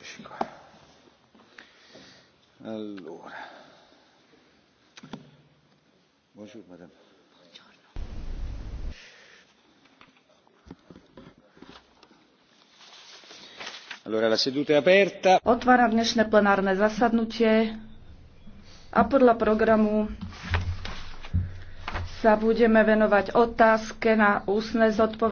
Cinque. Allora. Buongiorno, madame. Buongiorno. Allora, la seduta è aperta. Otváram dnešné plenárne zasadnutie a podľa programu sa budeme venovať otázke na úsne zodpovedanie.